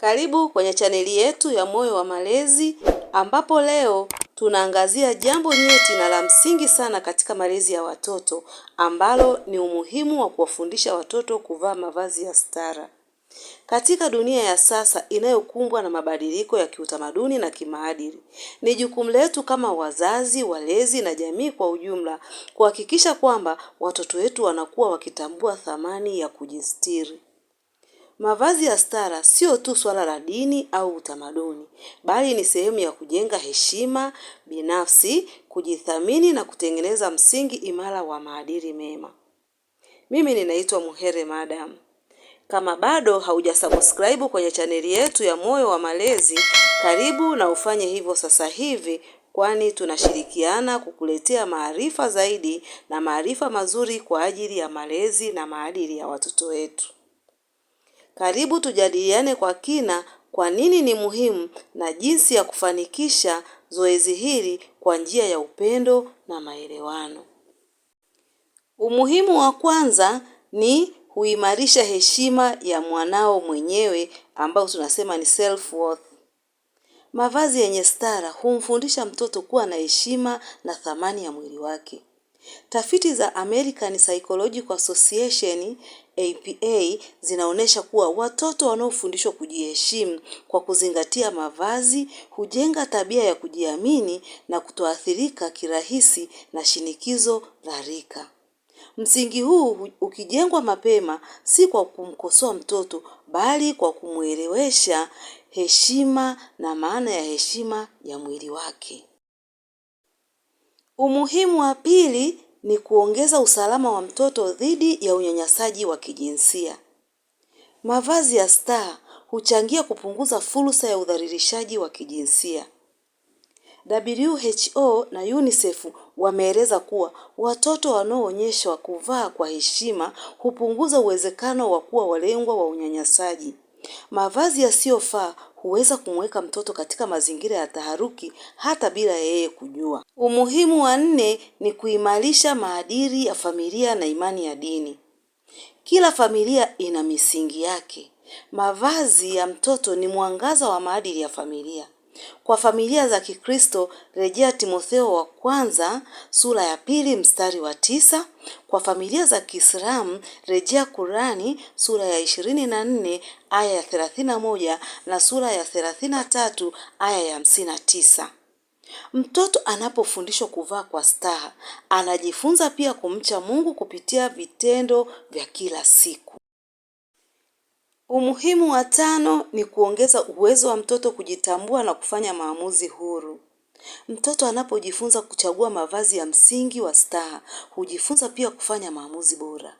Karibu kwenye chaneli yetu ya Moyo wa Malezi ambapo leo tunaangazia jambo nyeti na la msingi sana katika malezi ya watoto ambalo ni umuhimu wa kuwafundisha watoto kuvaa mavazi ya stara. Katika dunia ya sasa inayokumbwa na mabadiliko ya kiutamaduni na kimaadili, ni jukumu letu kama wazazi, walezi na jamii kwa ujumla kuhakikisha kwamba watoto wetu wanakuwa wakitambua thamani ya kujistiri. Mavazi ya stara sio tu swala la dini au utamaduni, bali ni sehemu ya kujenga heshima binafsi, kujithamini na kutengeneza msingi imara wa maadili mema. Mimi ninaitwa Muhere Madam. Kama bado haujasubscribe kwenye chaneli yetu ya Moyo wa Malezi, karibu na ufanye hivyo sasa hivi, kwani tunashirikiana kukuletea maarifa zaidi na maarifa mazuri kwa ajili ya malezi na maadili ya watoto wetu. Karibu tujadiliane kwa kina kwa nini ni muhimu na jinsi ya kufanikisha zoezi hili kwa njia ya upendo na maelewano. Umuhimu wa kwanza ni huimarisha heshima ya mwanao mwenyewe ambao tunasema ni self worth. Mavazi yenye stara humfundisha mtoto kuwa na heshima na thamani ya mwili wake. Tafiti za American Psychological Association APA zinaonesha kuwa watoto wanaofundishwa kujiheshimu kwa kuzingatia mavazi hujenga tabia ya kujiamini na kutoathirika kirahisi na shinikizo la rika. Msingi huu ukijengwa mapema, si kwa kumkosoa mtoto, bali kwa kumwelewesha heshima na maana ya heshima ya mwili wake. Umuhimu wa pili ni kuongeza usalama wa mtoto dhidi ya unyanyasaji wa kijinsia. Mavazi ya staha huchangia kupunguza fursa ya udhalilishaji wa kijinsia. WHO na UNICEF wameeleza kuwa watoto wanaoonyeshwa kuvaa kwa heshima hupunguza uwezekano wa kuwa walengwa wa unyanyasaji. Mavazi yasiyofaa huweza kumweka mtoto katika mazingira ya taharuki hata bila yeye kujua. Umuhimu wa nne ni kuimarisha maadili ya familia na imani ya dini. Kila familia ina misingi yake. Mavazi ya mtoto ni mwangaza wa maadili ya familia. Kwa familia za Kikristo, rejea Timotheo wa kwanza sura ya pili mstari wa tisa. Kwa familia za Kiislamu, rejea Kurani sura ya ishirini na nne aya ya thelathini na moja na sura ya thelathini na tatu aya ya hamsini na tisa. Mtoto anapofundishwa kuvaa kwa staha, anajifunza pia kumcha Mungu kupitia vitendo vya kila siku. Umuhimu wa tano ni kuongeza uwezo wa mtoto kujitambua na kufanya maamuzi huru. Mtoto anapojifunza kuchagua mavazi ya msingi wa staha, hujifunza pia kufanya maamuzi bora.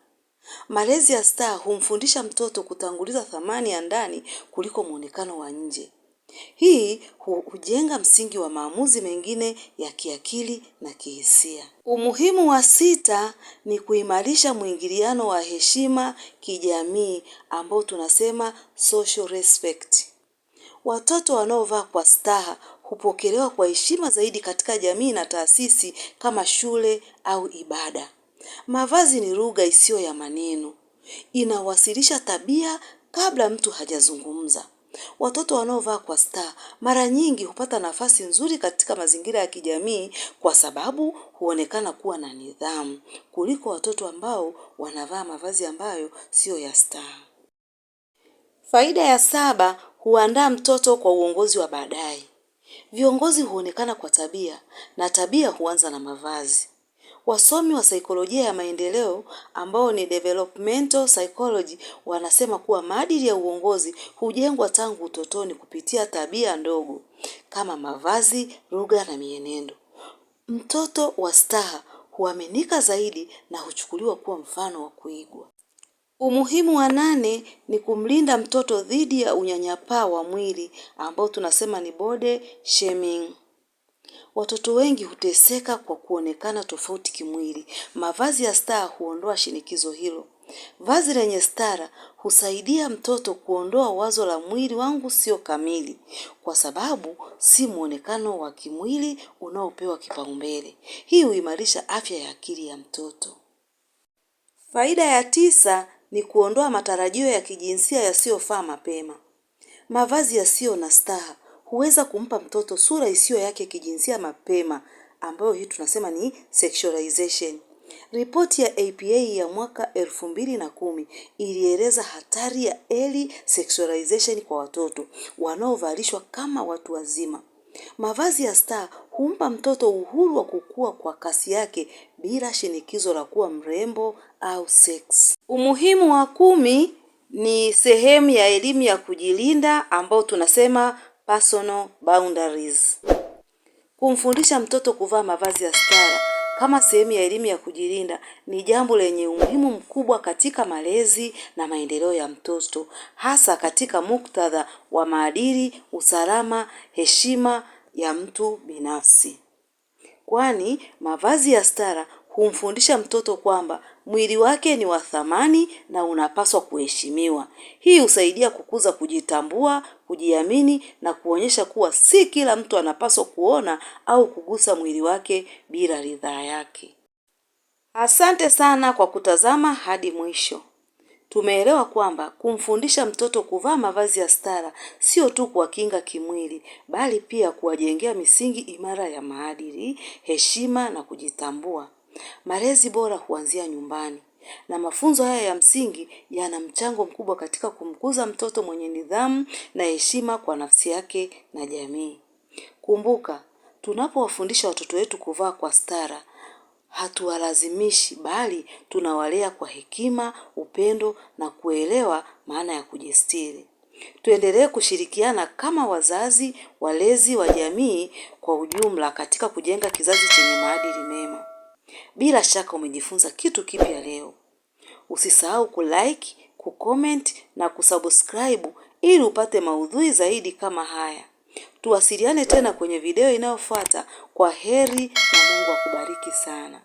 Malezi ya staha humfundisha mtoto kutanguliza thamani ya ndani kuliko muonekano wa nje. Hii hujenga msingi wa maamuzi mengine ya kiakili na kihisia. Umuhimu wa sita ni kuimarisha mwingiliano wa heshima kijamii ambao tunasema social respect. Watoto wanaovaa kwa staha hupokelewa kwa heshima zaidi katika jamii na taasisi kama shule au ibada. Mavazi ni lugha isiyo ya maneno. Inawasilisha tabia kabla mtu hajazungumza. Watoto wanaovaa kwa staha mara nyingi hupata nafasi nzuri katika mazingira ya kijamii kwa sababu huonekana kuwa na nidhamu kuliko watoto ambao wanavaa mavazi ambayo siyo ya staha. Faida ya saba, huandaa mtoto kwa uongozi wa baadaye. Viongozi huonekana kwa tabia na tabia huanza na mavazi. Wasomi wa saikolojia ya maendeleo ambao ni developmental psychology wanasema kuwa maadili ya uongozi hujengwa tangu utotoni kupitia tabia ndogo kama mavazi, lugha na mienendo. Mtoto wa staha huaminika zaidi na huchukuliwa kuwa mfano wa kuigwa. Umuhimu wa nane ni kumlinda mtoto dhidi ya unyanyapaa wa mwili ambao tunasema ni body shaming. Watoto wengi huteseka kwa kuonekana tofauti kimwili. Mavazi ya staa huondoa shinikizo hilo. Vazi lenye stara husaidia mtoto kuondoa wazo la mwili wangu sio kamili, kwa sababu si mwonekano wa kimwili unaopewa kipaumbele. Hii huimarisha afya ya akili ya mtoto. Faida ya tisa ni kuondoa matarajio ya kijinsia yasiyofaa mapema. Mavazi yasiyo na staha huweza kumpa mtoto sura isiyo yake kijinsia mapema, ambayo hii tunasema ni sexualization. Ripoti ya APA ya mwaka elfu mbili na kumi ilieleza hatari ya early sexualization kwa watoto wanaovalishwa kama watu wazima. Mavazi ya star humpa mtoto uhuru wa kukua kwa kasi yake bila shinikizo la kuwa mrembo au sex. Umuhimu wa kumi ni sehemu ya elimu ya kujilinda ambao tunasema personal boundaries. Kumfundisha mtoto kuvaa mavazi ya stara kama sehemu ya elimu ya kujilinda ni jambo lenye umuhimu mkubwa katika malezi na maendeleo ya mtoto, hasa katika muktadha wa maadili, usalama, heshima ya mtu binafsi. Kwani mavazi ya stara humfundisha mtoto kwamba Mwili wake ni wa thamani na unapaswa kuheshimiwa. Hii husaidia kukuza kujitambua, kujiamini na kuonyesha kuwa si kila mtu anapaswa kuona au kugusa mwili wake bila ridhaa yake. Asante sana kwa kutazama hadi mwisho. Tumeelewa kwamba kumfundisha mtoto kuvaa mavazi ya stara sio tu kuwakinga kimwili, bali pia kuwajengea misingi imara ya maadili, heshima na kujitambua. Malezi bora huanzia nyumbani na mafunzo haya ya msingi yana mchango mkubwa katika kumkuza mtoto mwenye nidhamu na heshima kwa nafsi yake na jamii. Kumbuka, tunapowafundisha watoto wetu kuvaa kwa stara, hatuwalazimishi bali tunawalea kwa hekima, upendo na kuelewa maana ya kujistiri. Tuendelee kushirikiana kama wazazi, walezi wa jamii kwa ujumla katika kujenga kizazi chenye maadili mema. Bila shaka umejifunza kitu kipya leo. Usisahau kulike, kucomment na kusubscribe ili upate maudhui zaidi kama haya. Tuwasiliane tena kwenye video inayofuata. Kwa heri na Mungu akubariki sana.